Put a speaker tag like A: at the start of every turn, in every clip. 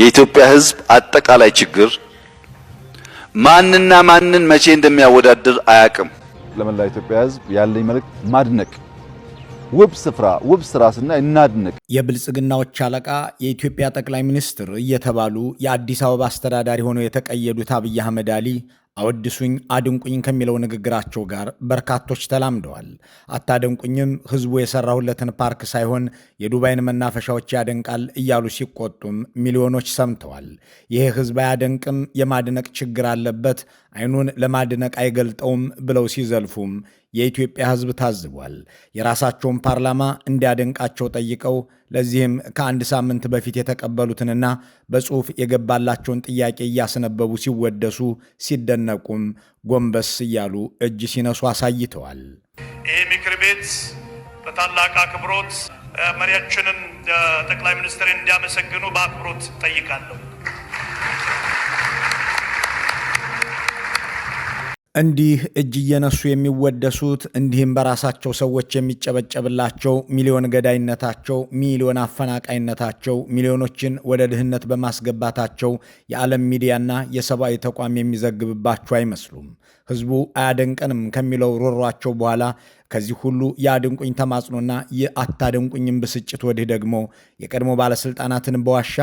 A: የኢትዮጵያ ህዝብ አጠቃላይ ችግር ማንና ማንን መቼ እንደሚያወዳድር አያቅም።
B: ለመላ ኢትዮጵያ ሕዝብ ያለኝ መልእክት ማድነቅ ውብ ስፍራ ውብ ስራ ስና እናድንቅ።
C: የብልጽግናዎች አለቃ የኢትዮጵያ ጠቅላይ ሚኒስትር እየተባሉ የአዲስ አበባ አስተዳዳሪ ሆነው የተቀየዱት አብይ አህመድ አሊ አወድሱኝ አድንቁኝ ከሚለው ንግግራቸው ጋር በርካቶች ተላምደዋል። አታደንቁኝም ህዝቡ የሰራሁለትን ፓርክ ሳይሆን የዱባይን መናፈሻዎች ያደንቃል እያሉ ሲቆጡም ሚሊዮኖች ሰምተዋል። ይሄ ህዝብ አያደንቅም፣ የማድነቅ ችግር አለበት፣ አይኑን ለማድነቅ አይገልጠውም ብለው ሲዘልፉም የኢትዮጵያ ሕዝብ ታዝቧል። የራሳቸውን ፓርላማ እንዲያደንቃቸው ጠይቀው ለዚህም ከአንድ ሳምንት በፊት የተቀበሉትንና በጽሑፍ የገባላቸውን ጥያቄ እያስነበቡ ሲወደሱ፣ ሲደነቁም ጎንበስ እያሉ እጅ ሲነሱ አሳይተዋል።
D: ይህ ምክር ቤት በታላቅ አክብሮት መሪያችንን ጠቅላይ ሚኒስትር እንዲያመሰግኑ በአክብሮት ጠይቃለሁ።
C: እንዲህ እጅ እየነሱ የሚወደሱት እንዲህም በራሳቸው ሰዎች የሚጨበጨብላቸው ሚሊዮን ገዳይነታቸው፣ ሚሊዮን አፈናቃይነታቸው፣ ሚሊዮኖችን ወደ ድህነት በማስገባታቸው የዓለም ሚዲያና የሰብአዊ ተቋም የሚዘግብባቸው አይመስሉም። ህዝቡ አያደንቀንም ከሚለው ሮሯቸው በኋላ ከዚህ ሁሉ የአድንቁኝ ተማጽኖና የአታደንቁኝም ብስጭት ወዲህ ደግሞ የቀድሞ ባለስልጣናትን በዋሻ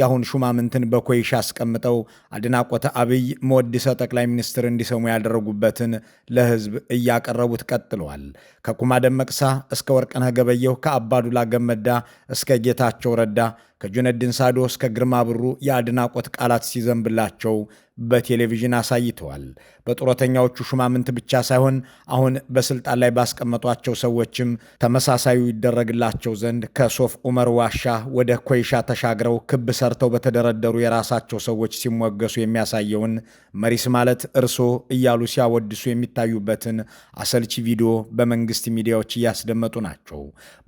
C: የአሁን ሹማምንትን በኮይሻ አስቀምጠው አድናቆተ አብይ መወድሰ ጠቅላይ ሚኒስትር እንዲሰሙ ያደረጉበትን ለህዝብ እያቀረቡት ቀጥለዋል። ከኩማ ደመቅሳ እስከ ወርቅነህ ገበየሁ፣ ከአባዱላ ገመዳ እስከ ጌታቸው ረዳ፣ ከጁነዲን ሳዶ እስከ ግርማ ብሩ የአድናቆት ቃላት ሲዘንብላቸው በቴሌቪዥን አሳይተዋል። በጡረተኛዎቹ ሹማምንት ብቻ ሳይሆን አሁን በስልጣን ላይ ባስቀመጧቸው ሰዎችም ተመሳሳዩ ይደረግላቸው ዘንድ ከሶፍ ዑመር ዋሻ ወደ ኮይሻ ተሻግረው ክብ ሰርተው በተደረደሩ የራሳቸው ሰዎች ሲሞገሱ የሚያሳየውን መሪስ ማለት እርሶ እያሉ ሲያወድሱ የሚታዩበትን አሰልቺ ቪዲዮ በመንግስት ሚዲያዎች እያስደመጡ ናቸው።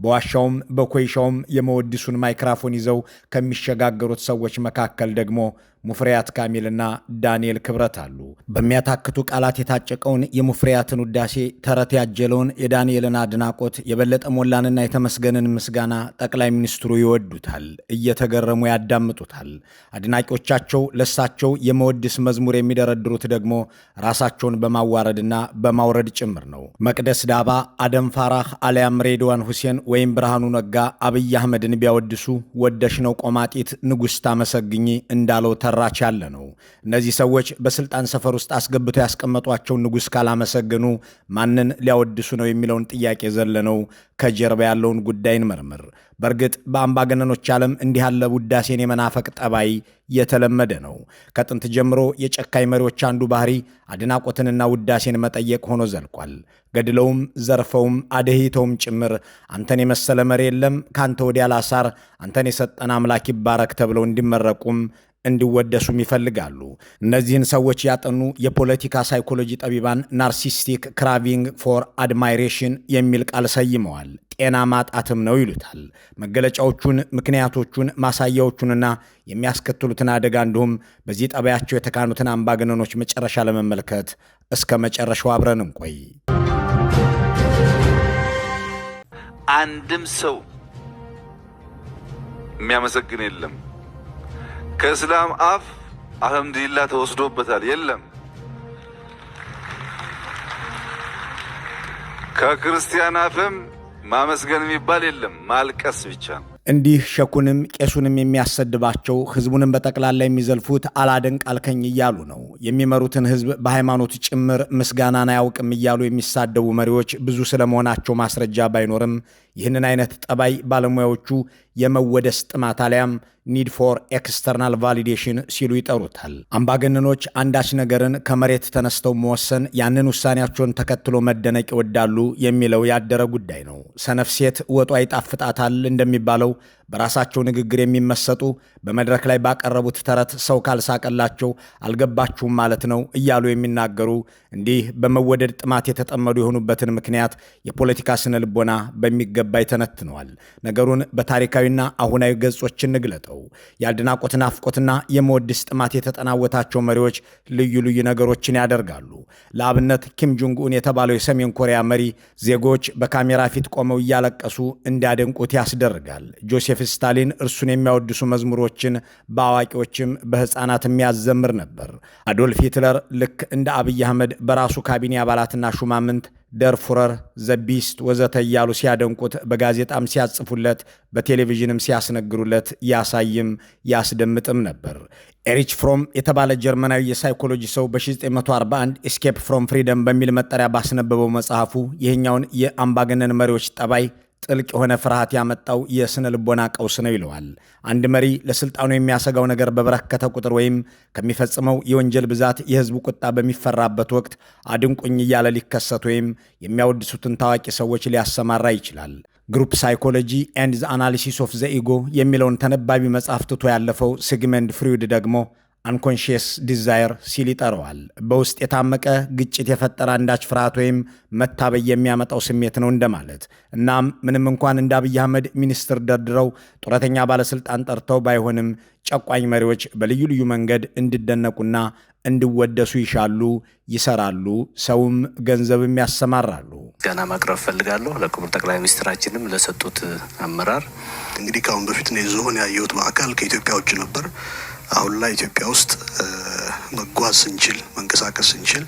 C: በዋሻውም በኮይሻውም የመወድሱን ማይክራፎን ይዘው ከሚሸጋገሩት ሰዎች መካከል ደግሞ ሙፍሪያት ካሚልና ዳንኤል ክብረት አሉ። በሚያታክቱ ቃላት የታጨቀውን የሙፍሪያትን ውዳሴ ተረት ያጀለውን የዳንኤልን አድናቆት የበለጠ ሞላንና የተመስገንን ምስጋና ጠቅላይ ሚኒስትሩ ይወዱታል፣ እየተገረሙ ያዳምጡታል። አድናቂዎቻቸው ለሳቸው የመወድስ መዝሙር የሚደረድሩት ደግሞ ራሳቸውን በማዋረድና በማውረድ ጭምር ነው። መቅደስ ዳባ፣ አደም ፋራህ አሊያም ሬድዋን ሁሴን ወይም ብርሃኑ ነጋ አብይ አህመድን ቢያወድሱ ወደሽ ነው ቆማጢት ንጉሥ ታመሰግኝ እንዳለው ተረ እየሰራች ያለ ነው። እነዚህ ሰዎች በስልጣን ሰፈር ውስጥ አስገብተው ያስቀመጧቸውን ንጉሥ ካላመሰገኑ ማንን ሊያወድሱ ነው የሚለውን ጥያቄ ዘለነው ከጀርባ ያለውን ጉዳይ እንመርምር። በእርግጥ በአምባገነኖች ዓለም እንዲህ ያለ ውዳሴን የመናፈቅ ጠባይ የተለመደ ነው። ከጥንት ጀምሮ የጨካኝ መሪዎች አንዱ ባህሪ አድናቆትንና ውዳሴን መጠየቅ ሆኖ ዘልቋል። ገድለውም ዘርፈውም አደሂተውም ጭምር አንተን የመሰለ መሪ የለም፣ ከአንተ ወዲያ ላሳር፣ አንተን የሰጠን አምላክ ይባረክ ተብለው እንዲመረቁም እንዲወደሱም ይፈልጋሉ። እነዚህን ሰዎች ያጠኑ የፖለቲካ ሳይኮሎጂ ጠቢባን ናርሲስቲክ ክራቪንግ ፎር አድማይሬሽን የሚል ቃል ሰይመዋል። ጤና ማጣትም ነው ይሉታል። መገለጫዎቹን፣ ምክንያቶቹን፣ ማሳያዎቹንና የሚያስከትሉትን አደጋ እንዲሁም በዚህ ጠባያቸው የተካኑትን አምባገነኖች መጨረሻ ለመመልከት እስከ መጨረሻው አብረን እንቆይ።
A: አንድም ሰው የሚያመሰግን የለም። ከእስላም አፍ አልሐምዱሊላህ ተወስዶበታል። የለም ከክርስቲያን አፍም ማመስገን የሚባል የለም፣ ማልቀስ ብቻ ነው።
C: እንዲህ ሸኩንም ቄሱንም የሚያሰድባቸው ህዝቡንም በጠቅላላ የሚዘልፉት አላደንቅ አልከኝ እያሉ ነው። የሚመሩትን ህዝብ በሃይማኖት ጭምር ምስጋናን አያውቅም እያሉ የሚሳደቡ መሪዎች ብዙ ስለመሆናቸው ማስረጃ ባይኖርም ይህንን አይነት ጠባይ ባለሙያዎቹ የመወደስ ጥማት አሊያም ኒድ ፎር ኤክስተርናል ቫሊዴሽን ሲሉ ይጠሩታል። አምባገነኖች አንዳች ነገርን ከመሬት ተነስተው መወሰን፣ ያንን ውሳኔያቸውን ተከትሎ መደነቅ ይወዳሉ የሚለው ያደረ ጉዳይ ነው። ሰነፍ ሴት ወጧ ይጣፍጣታል እንደሚባለው know በራሳቸው ንግግር የሚመሰጡ በመድረክ ላይ ባቀረቡት ተረት ሰው ካልሳቀላቸው አልገባችሁም ማለት ነው እያሉ የሚናገሩ እንዲህ በመወደድ ጥማት የተጠመዱ የሆኑበትን ምክንያት የፖለቲካ ስነ ልቦና በሚገባ ይተነትነዋል። ነገሩን በታሪካዊና አሁናዊ ገጾችን እንግለጠው። የአድናቆት ናፍቆትና የመወድስ ጥማት የተጠናወታቸው መሪዎች ልዩ ልዩ ነገሮችን ያደርጋሉ። ለአብነት ኪም ጆንግ የተባለው የሰሜን ኮሪያ መሪ ዜጎች በካሜራ ፊት ቆመው እያለቀሱ እንዲያደንቁት ያስደርጋል። ጆሴፍ ጆሴፍ ስታሊን እርሱን የሚያወድሱ መዝሙሮችን በአዋቂዎችም በሕፃናት የሚያዘምር ነበር። አዶልፍ ሂትለር ልክ እንደ አብይ አህመድ በራሱ ካቢኔ አባላትና ሹማምንት ደርፉረር፣ ዘቢስት ወዘተ እያሉ ሲያደንቁት በጋዜጣም ሲያጽፉለት በቴሌቪዥንም ሲያስነግሩለት ያሳይም ያስደምጥም ነበር። ኤሪች ፍሮም የተባለ ጀርመናዊ የሳይኮሎጂ ሰው በ1941 ኤስኬፕ ፍሮም ፍሪደም በሚል መጠሪያ ባስነበበው መጽሐፉ ይህኛውን የአምባገነን መሪዎች ጠባይ ጥልቅ የሆነ ፍርሃት ያመጣው የስነ ልቦና ቀውስ ነው ይለዋል። አንድ መሪ ለስልጣኑ የሚያሰጋው ነገር በበረከተ ቁጥር ወይም ከሚፈጽመው የወንጀል ብዛት የህዝቡ ቁጣ በሚፈራበት ወቅት አድንቁኝ እያለ ሊከሰት ወይም የሚያወድሱትን ታዋቂ ሰዎች ሊያሰማራ ይችላል። ግሩፕ ሳይኮሎጂ ኤንድ ዘ አናሊሲስ ኦፍ ዘኢጎ የሚለውን ተነባቢ መጽሐፍ ትቶ ያለፈው ሲግመንድ ፍሪውድ ደግሞ አንኮንሽስ ዲዛየር ሲል ይጠረዋል። በውስጥ የታመቀ ግጭት የፈጠረ አንዳች ፍርሃት ወይም መታበይ የሚያመጣው ስሜት ነው እንደማለት። እናም ምንም እንኳን እንደ አብይ አህመድ ሚኒስትር ደርድረው ጡረተኛ ባለስልጣን ጠርተው ባይሆንም ጨቋኝ መሪዎች በልዩ ልዩ መንገድ እንዲደነቁና እንዲወደሱ ይሻሉ፣ ይሰራሉ፣ ሰውም ገንዘብም ያሰማራሉ።
E: ገና ማቅረብ ፈልጋለሁ ለክቡር ጠቅላይ ሚኒስትራችንም ለሰጡት አመራር
F: እንግዲህ ከአሁን በፊት ዞን ያየሁት በአካል ከኢትዮጵያ ውጭ ነበር አሁን ላይ ኢትዮጵያ ውስጥ መጓዝ ስንችል መንቀሳቀስ ስንችል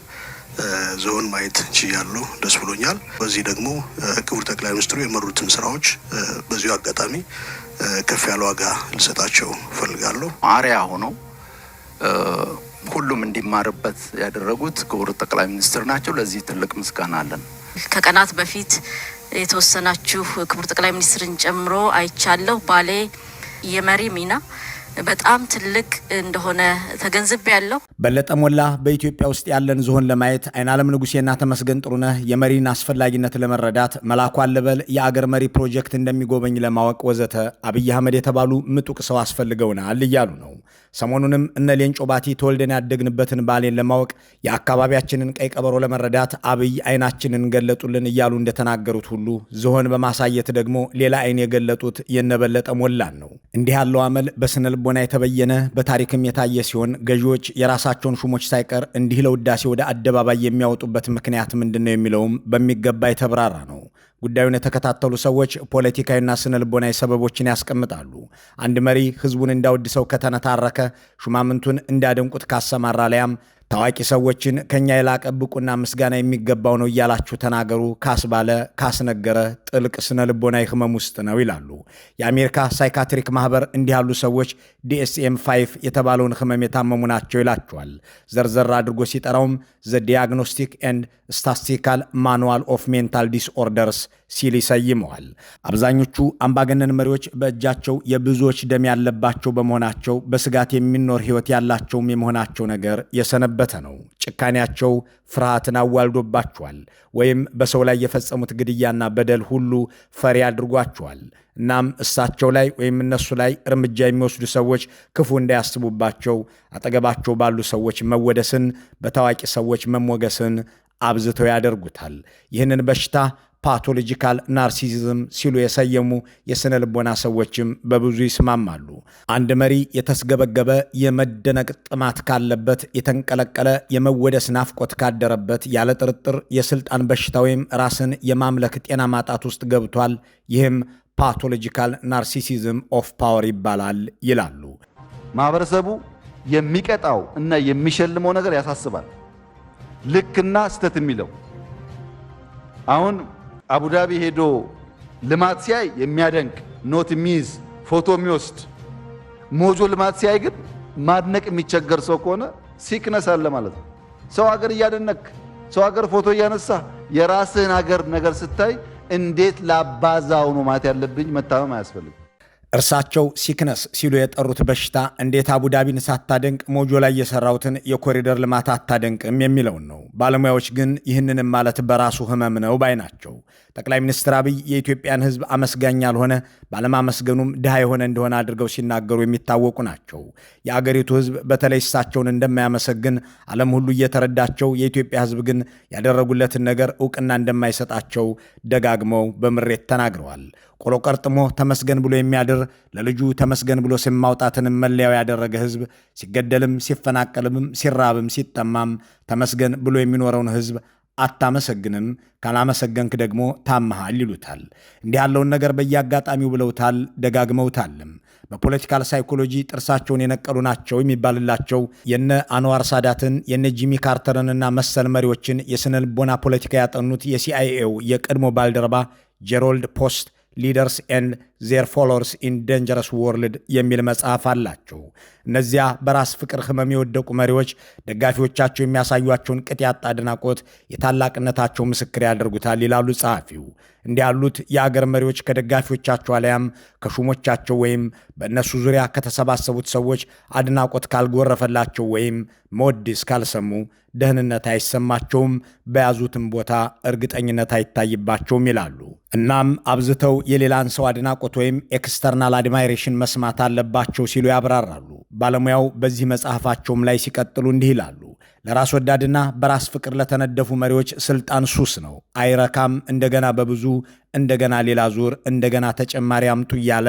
F: ዞን ማየት ችያለሁ። ደስ ብሎኛል። በዚህ ደግሞ ክቡር ጠቅላይ ሚኒስትሩ የመሩትን ስራዎች በዚሁ አጋጣሚ ከፍ ያለ ዋጋ ልሰጣቸው ፈልጋለሁ።
A: አርያ ሆነው ሁሉም እንዲማርበት ያደረጉት ክቡር ጠቅላይ ሚኒስትር ናቸው። ለዚህ ትልቅ ምስጋና አለን።
G: ከቀናት በፊት የተወሰናችሁ ክቡር ጠቅላይ ሚኒስትርን ጨምሮ አይቻለሁ። ባሌ የመሪ ሚና በጣም ትልቅ እንደሆነ ተገንዝብ ያለው
C: በለጠ ሞላ በኢትዮጵያ ውስጥ ያለን ዝሆን ለማየት አይናለም ንጉሴና ተመስገን ጥሩነህ የመሪን አስፈላጊነት ለመረዳት መላኩ አለበል የአገር መሪ ፕሮጀክት እንደሚጎበኝ ለማወቅ ወዘተ አብይ አህመድ የተባሉ ምጡቅ ሰው አስፈልገውናል እያሉ ነው። ሰሞኑንም እነ ሌንጮ ባቲ ተወልደን ያደግንበትን ባሌን ለማወቅ የአካባቢያችንን ቀይ ቀበሮ ለመረዳት አብይ አይናችንን ገለጡልን እያሉ እንደተናገሩት ሁሉ ዝሆን በማሳየት ደግሞ ሌላ አይን የገለጡት የነበለጠ ሞላን ነው። እንዲህ ያለው አመል በስነ ልቦና የተበየነ በታሪክም የታየ ሲሆን ገዢዎች የራሳቸውን ሹሞች ሳይቀር እንዲህ ለውዳሴ ወደ አደባባይ የሚያወጡበት ምክንያት ምንድን ነው የሚለውም በሚገባ የተብራራ ነው። ጉዳዩን የተከታተሉ ሰዎች ፖለቲካዊና ስነ ልቦናዊ ሰበቦችን ያስቀምጣሉ። አንድ መሪ ህዝቡን እንዳወድሰው ከተነታረከ፣ ሹማምንቱን እንዳደንቁት ካሰማራ፣ ሊያም ታዋቂ ሰዎችን ከእኛ የላቀ ብቁና ምስጋና የሚገባው ነው እያላችሁ ተናገሩ ካስባለ፣ ካስነገረ ጥልቅ ስነ ልቦናዊ ህመም ውስጥ ነው ይላሉ። የአሜሪካ ሳይካትሪክ ማህበር እንዲህ ያሉ ሰዎች ዲኤስኤም 5 የተባለውን ህመም የታመሙ ናቸው ይላቸዋል። ዘርዘር አድርጎ ሲጠራውም ዘ ዲያግኖስቲክ ኤንድ ስታስቲካል ማኑዋል ኦፍ ሜንታል ዲስኦርደርስ ሲል ይሰይመዋል። አብዛኞቹ አምባገነን መሪዎች በእጃቸው የብዙዎች ደም ያለባቸው በመሆናቸው በስጋት የሚኖር ሕይወት ያላቸውም የመሆናቸው ነገር የሰነበተ ነው። ጭካኔያቸው ፍርሃትን አዋልዶባቸዋል፣ ወይም በሰው ላይ የፈጸሙት ግድያና በደል ሁሉ ፈሪ አድርጓቸዋል። እናም እሳቸው ላይ ወይም እነሱ ላይ እርምጃ የሚወስዱ ሰዎች ክፉ እንዳያስቡባቸው አጠገባቸው ባሉ ሰዎች መወደስን፣ በታዋቂ ሰዎች መሞገስን አብዝተው ያደርጉታል። ይህንን በሽታ ፓቶሎጂካል ናርሲሲዝም ሲሉ የሰየሙ የሥነ ልቦና ሰዎችም በብዙ ይስማማሉ። አንድ መሪ የተስገበገበ የመደነቅ ጥማት ካለበት፣ የተንቀለቀለ የመወደስ ናፍቆት ካደረበት፣ ያለ ጥርጥር የስልጣን በሽታ ወይም ራስን የማምለክ ጤና ማጣት ውስጥ ገብቷል። ይህም ፓቶሎጂካል ናርሲሲዝም ኦፍ ፓወር ይባላል ይላሉ።
A: ማህበረሰቡ የሚቀጣው እና የሚሸልመው ነገር ያሳስባል። ልክና ስተት የሚለው አሁን አቡዳቢ ሄዶ ልማት ሲያይ የሚያደንቅ ኖት የሚይዝ ፎቶ የሚወስድ ሞጆ ልማት ሲያይ ግን ማድነቅ የሚቸገር ሰው ከሆነ ሲክነስ አለ ማለት ነው። ሰው ሀገር እያደነክ ሰው ሀገር ፎቶ እያነሳ የራስህን ሀገር ነገር ስታይ እንዴት ላባዛው ነው ማለት ያለብኝ መታመም አያስፈልግም።
C: እርሳቸው ሲክነስ ሲሉ የጠሩት በሽታ እንዴት አቡዳቢን ሳታደንቅ ሞጆ ላይ የሰራውትን የኮሪደር ልማት አታደንቅም የሚለውን ነው። ባለሙያዎች ግን ይህንንም ማለት በራሱ ህመም ነው ባይ ናቸው። ጠቅላይ ሚኒስትር አብይ የኢትዮጵያን ህዝብ አመስጋኝ ያልሆነ ባለማመስገኑም ድሃ የሆነ እንደሆነ አድርገው ሲናገሩ የሚታወቁ ናቸው። የአገሪቱ ህዝብ በተለይ እሳቸውን እንደማያመሰግን ዓለም ሁሉ እየተረዳቸው፣ የኢትዮጵያ ህዝብ ግን ያደረጉለትን ነገር እውቅና እንደማይሰጣቸው ደጋግመው በምሬት ተናግረዋል። ቆሎ ቀርጥሞ ተመስገን ብሎ የሚያድር ለልጁ ተመስገን ብሎ ስም ማውጣትንም መለያው ያደረገ ህዝብ ሲገደልም፣ ሲፈናቀልም፣ ሲራብም፣ ሲጠማም ተመስገን ብሎ የሚኖረውን ህዝብ አታመሰግንም፣ ካላመሰገንክ ደግሞ ታመሃል ይሉታል። እንዲህ ያለውን ነገር በየአጋጣሚው ብለውታል፣ ደጋግመውታልም። በፖለቲካል ሳይኮሎጂ ጥርሳቸውን የነቀሉ ናቸው የሚባልላቸው የነ አንዋር ሳዳትን የነ ጂሚ ካርተርንና መሰል መሪዎችን የስነ ልቦና ፖለቲካ ያጠኑት የሲአይኤው የቀድሞ ባልደረባ ጄሮልድ ፖስት ሊደርስ ኤንድ ዜር ፎሎወርስ ኢን ደንጀረስ ወርልድ የሚል መጽሐፍ አላቸው። እነዚያ በራስ ፍቅር ህመም የወደቁ መሪዎች ደጋፊዎቻቸው የሚያሳዩቸውን ቅጥ ያጣ አድናቆት የታላቅነታቸው ምስክር ያደርጉታል ይላሉ ጸሐፊው። እንዲህ ያሉት የአገር መሪዎች ከደጋፊዎቻቸው አሊያም ከሹሞቻቸው ወይም በእነሱ ዙሪያ ከተሰባሰቡት ሰዎች አድናቆት ካልጎረፈላቸው ወይም መወድስ ካልሰሙ ደህንነት አይሰማቸውም፣ በያዙትም ቦታ እርግጠኝነት አይታይባቸውም ይላሉ። እናም አብዝተው የሌላን ሰው አድናቆት ወይም ኤክስተርናል አድማይሬሽን መስማት አለባቸው ሲሉ ያብራራሉ። ባለሙያው በዚህ መጽሐፋቸውም ላይ ሲቀጥሉ እንዲህ ይላሉ። ለራስ ወዳድና በራስ ፍቅር ለተነደፉ መሪዎች ስልጣን ሱስ ነው፣ አይረካም፣ እንደገና በብዙ እንደገና ሌላ ዙር እንደገና ተጨማሪ አምጡ እያለ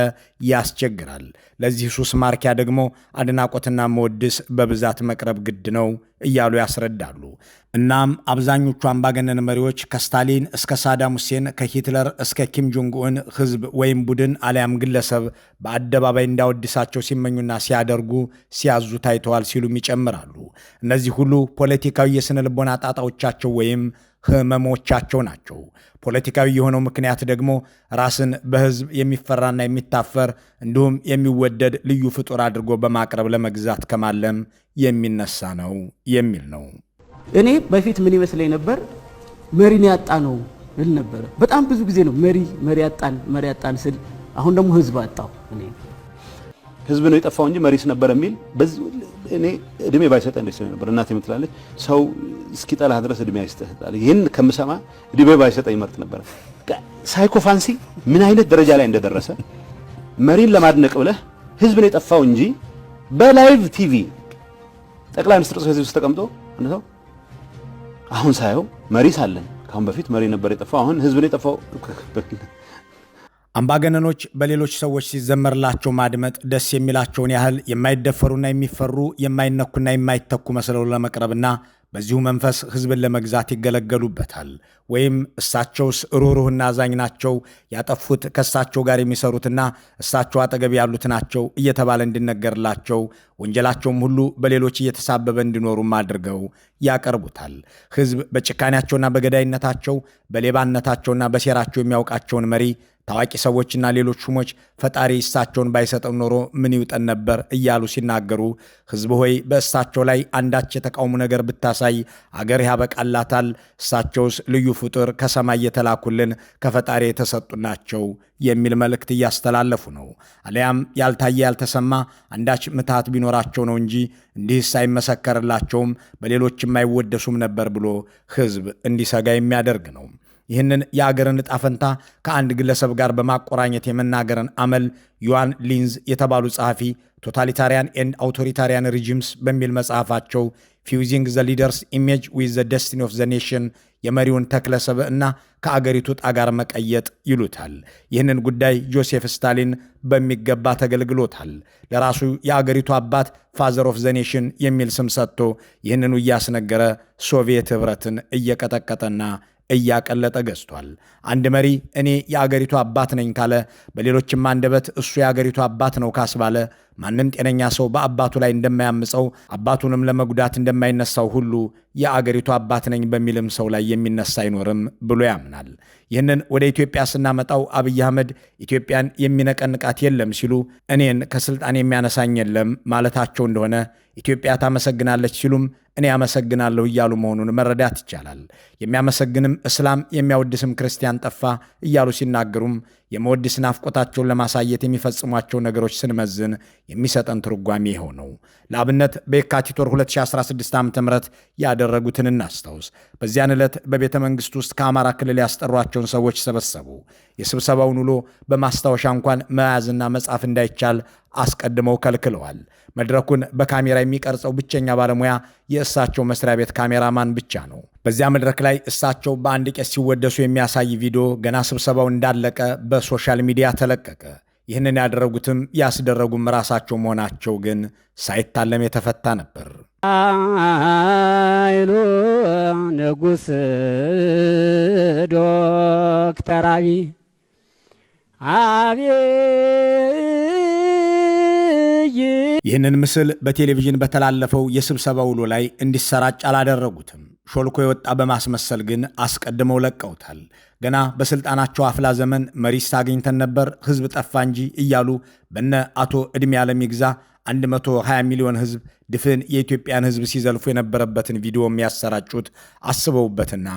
C: ያስቸግራል። ለዚህ ሱስ ማርኪያ ደግሞ አድናቆትና መወድስ በብዛት መቅረብ ግድ ነው እያሉ ያስረዳሉ። እናም አብዛኞቹ አምባገነን መሪዎች ከስታሊን እስከ ሳዳም ሁሴን ከሂትለር እስከ ኪም ጆንግኡን ህዝብ ወይም ቡድን አሊያም ግለሰብ በአደባባይ እንዳወድሳቸው ሲመኙና ሲያደርጉ ሲያዙ ታይተዋል ሲሉም ይጨምራሉ። እነዚህ ሁሉ ፖለቲካዊ የሥነ ልቦና ጣጣዎቻቸው ወይም ህመሞቻቸው ናቸው። ፖለቲካዊ የሆነው ምክንያት ደግሞ ራስን በህዝብ የሚፈራና የሚታፈር እንዲሁም የሚወደድ ልዩ ፍጡር አድርጎ በማቅረብ ለመግዛት ከማለም የሚነሳ ነው የሚል ነው።
H: እኔ በፊት ምን ይመስለኝ ነበር? መሪን ያጣ ነው እል ነበረ። በጣም ብዙ ጊዜ ነው መሪ መሪ ያጣን መሪ ያጣን ስል፣ አሁን ደግሞ ህዝብ አጣው። እኔ
I: ህዝብ ነው የጠፋው እንጂ መሪስ ነበር የሚል እኔ እድሜ ባይሰጠ ደስ ይለኝ ነበር። እናቴ የምትላለች ሰው እስኪጠላህ ድረስ እድሜ አይሰጥህ ይህን ከምሰማ እድሜ ባይሰጠ ይመርጥ ነበር። ሳይኮፋንሲ ምን አይነት ደረጃ ላይ እንደደረሰ መሪን ለማድነቅ ብለህ ህዝብ ነው የጠፋው እንጂ በላይቭ ቲቪ ጠቅላይ ሚኒስትር ጽሕፈት ቤት ውስጥ ተቀምጦ አንድ ሰው አሁን ሳየው መሪ ሳለን ከአሁን በፊት መሪ ነበር የጠፋው፣ አሁን ህዝብ ነው የጠፋው።
C: አምባገነኖች በሌሎች ሰዎች ሲዘመርላቸው ማድመጥ ደስ የሚላቸውን ያህል የማይደፈሩና የሚፈሩ የማይነኩና የማይተኩ መስለው ለመቅረብና በዚሁ መንፈስ ሕዝብን ለመግዛት ይገለገሉበታል። ወይም እሳቸውስ ሩህሩህና አዛኝ ናቸው፣ ያጠፉት ከእሳቸው ጋር የሚሰሩትና እሳቸው አጠገብ ያሉት ናቸው እየተባለ እንዲነገርላቸው፣ ወንጀላቸውም ሁሉ በሌሎች እየተሳበበ እንዲኖሩም አድርገው ያቀርቡታል። ሕዝብ በጭካኔያቸውና በገዳይነታቸው በሌባነታቸውና በሴራቸው የሚያውቃቸውን መሪ ታዋቂ ሰዎችና ሌሎች ሹሞች ፈጣሪ እሳቸውን ባይሰጠው ኖሮ ምን ይውጠን ነበር እያሉ ሲናገሩ፣ ህዝብ ሆይ በእሳቸው ላይ አንዳች የተቃውሞ ነገር ብታሳይ አገር ያበቃላታል፣ እሳቸውስ ልዩ ፍጡር ከሰማይ የተላኩልን ከፈጣሪ የተሰጡ ናቸው የሚል መልእክት እያስተላለፉ ነው። አሊያም ያልታየ ያልተሰማ አንዳች ምትሃት ቢኖራቸው ነው እንጂ እንዲህስ አይመሰከርላቸውም፣ በሌሎችም አይወደሱም ነበር ብሎ ህዝብ እንዲሰጋ የሚያደርግ ነው። ይህንን የአገርን ዕጣ ፈንታ ከአንድ ግለሰብ ጋር በማቆራኘት የመናገርን አመል ዮዋን ሊንዝ የተባሉ ጸሐፊ ቶታሊታሪያን ኤንድ አውቶሪታሪያን ሪጂምስ በሚል መጽሐፋቸው ፊውዚንግ ዘ ሊደርስ ኢሜጅ ዊዝ ዘ ደስቲኒ ኦፍ ዘ ኔሽን የመሪውን ተክለ ሰብዕና ከአገሪቱ ዕጣ ጋር መቀየጥ ይሉታል። ይህንን ጉዳይ ጆሴፍ ስታሊን በሚገባ ተገልግሎታል። ለራሱ የአገሪቱ አባት ፋዘር ኦፍ ዘ ኔሽን የሚል ስም ሰጥቶ ይህንኑ እያስነገረ ሶቪየት ኅብረትን እየቀጠቀጠና እያቀለጠ ገዝቷል። አንድ መሪ እኔ የአገሪቱ አባት ነኝ ካለ፣ በሌሎችም አንደበት እሱ የአገሪቱ አባት ነው ካስባለ ማንም ጤነኛ ሰው በአባቱ ላይ እንደማያምፀው አባቱንም ለመጉዳት እንደማይነሳው ሁሉ የአገሪቱ አባት ነኝ በሚልም ሰው ላይ የሚነሳ አይኖርም ብሎ ያምናል። ይህንን ወደ ኢትዮጵያ ስናመጣው አብይ አህመድ ኢትዮጵያን የሚነቀንቃት የለም ሲሉ እኔን ከስልጣን የሚያነሳኝ የለም ማለታቸው እንደሆነ ኢትዮጵያ ታመሰግናለች ሲሉም እኔ አመሰግናለሁ እያሉ መሆኑን መረዳት ይቻላል። የሚያመሰግንም እስላም የሚያወድስም ክርስቲያን ጠፋ እያሉ ሲናገሩም የመወድስ ናፍቆታቸውን ለማሳየት የሚፈጽሟቸው ነገሮች ስንመዝን የሚሰጠን ትርጓሜ የሆነው ለአብነት በየካቲት ወር 2016 ዓ ም ያደረጉትን እናስታውስ። በዚያን ዕለት በቤተ መንግሥት ውስጥ ከአማራ ክልል ያስጠሯቸውን ሰዎች ሰበሰቡ። የስብሰባውን ውሎ በማስታወሻ እንኳን መያዝና መጻፍ እንዳይቻል አስቀድመው ከልክለዋል። መድረኩን በካሜራ የሚቀርጸው ብቸኛ ባለሙያ የእሳቸው መስሪያ ቤት ካሜራማን ብቻ ነው። በዚያ መድረክ ላይ እሳቸው በአንድ ቄስ ሲወደሱ የሚያሳይ ቪዲዮ ገና ስብሰባው እንዳለቀ በሶሻል ሚዲያ ተለቀቀ። ይህንን ያደረጉትም ያስደረጉም ራሳቸው መሆናቸው ግን ሳይታለም የተፈታ ነበር። አይሉ ንጉስ ዶክተር አብይ አብይ ይህንን ምስል በቴሌቪዥን በተላለፈው የስብሰባ ውሎ ላይ እንዲሰራጭ አላደረጉትም። ሾልኮ የወጣ በማስመሰል ግን አስቀድመው ለቀውታል። ገና በስልጣናቸው አፍላ ዘመን መሪስ አግኝተን ነበር፣ ህዝብ ጠፋ እንጂ እያሉ በነ አቶ ዕድሜ ዓለም ይግዛ 120 ሚሊዮን ህዝብ ድፍን የኢትዮጵያን ህዝብ ሲዘልፉ የነበረበትን ቪዲዮ የሚያሰራጩት አስበውበትና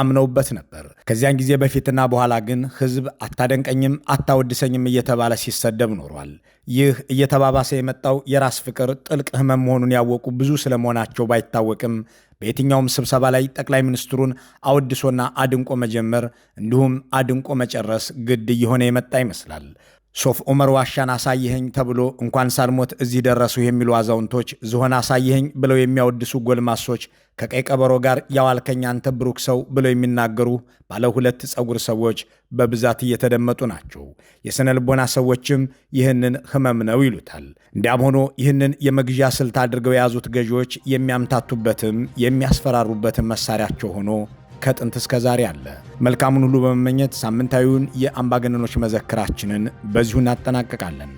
C: አምነውበት ነበር። ከዚያን ጊዜ በፊትና በኋላ ግን ህዝብ አታደንቀኝም፣ አታወድሰኝም እየተባለ ሲሰደብ ኖሯል። ይህ እየተባባሰ የመጣው የራስ ፍቅር ጥልቅ ህመም መሆኑን ያወቁ ብዙ ስለመሆናቸው ባይታወቅም በየትኛውም ስብሰባ ላይ ጠቅላይ ሚኒስትሩን አወድሶና አድንቆ መጀመር እንዲሁም አድንቆ መጨረስ ግድ እየሆነ የመጣ ይመስላል። ሶፍ ዑመር ዋሻን አሳይኸኝ ተብሎ እንኳን ሳልሞት እዚህ ደረሱ የሚሉ አዛውንቶች፣ ዝሆን አሳይኸኝ ብለው የሚያወድሱ ጎልማሶች፣ ከቀይ ቀበሮ ጋር ያዋልከኝ አንተ ብሩክ ሰው ብለው የሚናገሩ ባለ ሁለት ጸጉር ሰዎች በብዛት እየተደመጡ ናቸው። የሥነ ልቦና ሰዎችም ይህንን ህመም ነው ይሉታል። እንዲያም ሆኖ ይህንን የመግዣ ስልት አድርገው የያዙት ገዢዎች የሚያምታቱበትም የሚያስፈራሩበትም መሳሪያቸው ሆኖ ከጥንት እስከ ዛሬ አለ። መልካሙን ሁሉ በመመኘት ሳምንታዊውን የአምባገነኖች መዘክራችንን በዚሁ እናጠናቀቃለን።